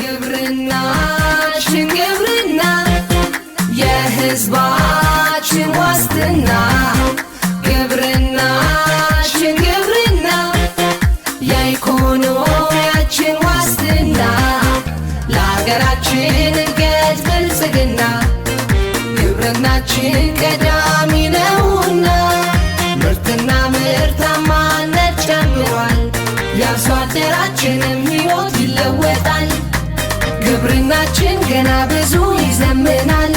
ግብርናችን ግብርና የህዝባችን ዋስትና ግብርናችን ግብርና የኢኮኖሚያችን ዋስትና ለሀገራችን እድገት ብልጽግና ግብርናችን ዝናችን ገና ብዙ ይዘምናል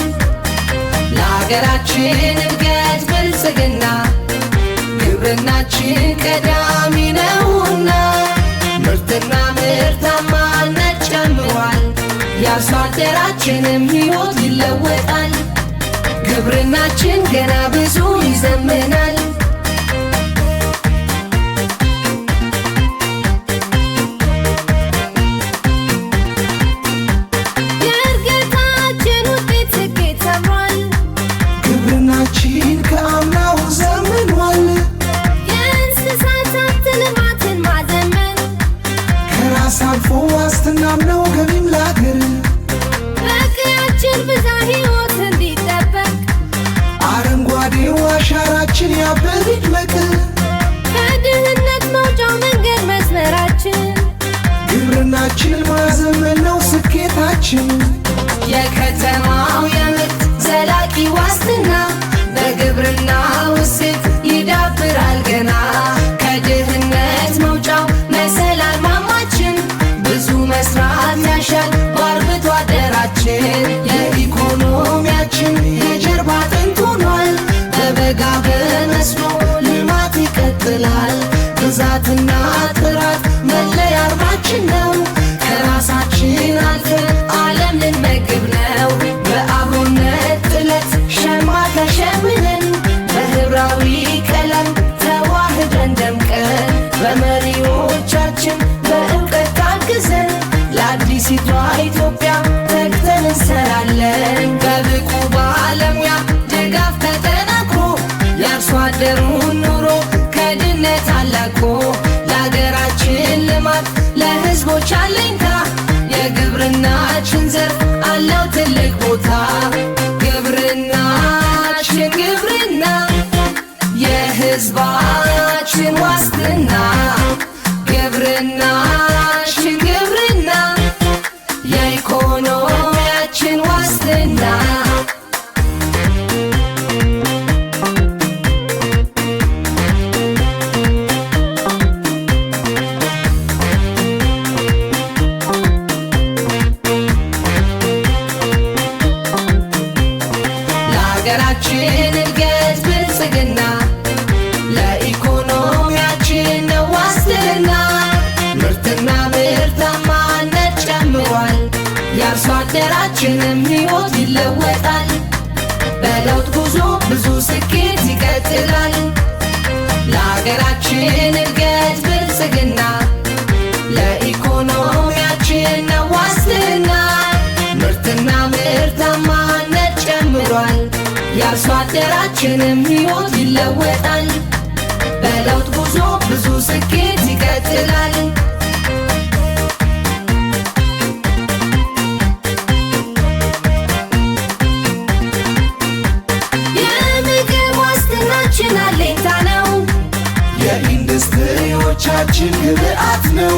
ለሀገራችን እድገት ብልጽግና ግብርናችን ቀዳሚ ነውና ምርትና ምርታማነት ጨምሯል። የአርሶ አደራችንም ሕይወት ይለወጣል። ግብርናችን ገና ግብርናችንን ማዘመን ነው ስኬታችን። የከተማው የምርት ዘላቂ ዋስትና በግብርና ለህዝቦች አለኝታ የግብርናችን ዘርፍ አለው ትልቅ ቦታ ግብርናችን ግብርና የህዝባችን ዋስትና ግብርናችን ግብርና የኢኮኖሚያችን ዋስትና ይለወጣል። በለውጥ ጉዞ ብዙ ስኬት ይቀጥላል። ለሀገራችን እድገት ብልጽግና፣ ለኢኮኖሚያችን ነው ዋስትና። ምርትና ምርታማነት ጨምሯል። የአርሶ አደራችንም ሕይወት ይለወጣል። በለውጥ ጉዞ ብዙ ስኬት ይቀጥላል። የቤታችን ግብአት ነው።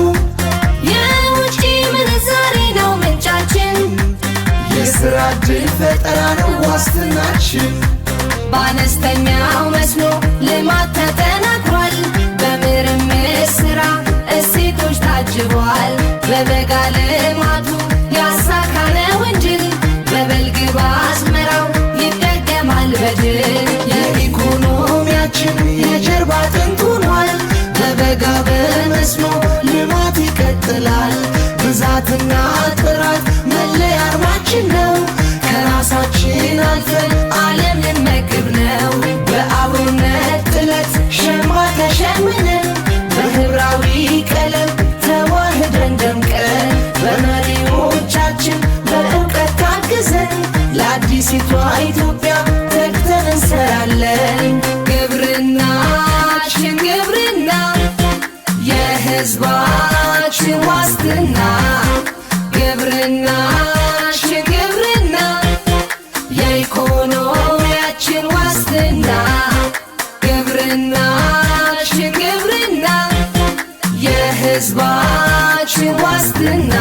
የውጭ ምንዛሬ ነው ምንጫችን፣ የስራ ዕድል ፈጠራ ነው ዋስትናችን። በአነስተኛው መስኖ መልክና ጥራት መለያ አርማችን ነው። ከራሳችን አልፈን ዓለምን መግብ ነው። በአብሮነት ጥለት ሸማ ተሸምነን በህብራዊ ቀለም ተዋህደን ደምቀን በመሪዎቻችን በእውቀት ታግዘን ለአዲሲቷ ኢትዮጵያ የሀገራችን ግብርና የህዝባችን ዋስትና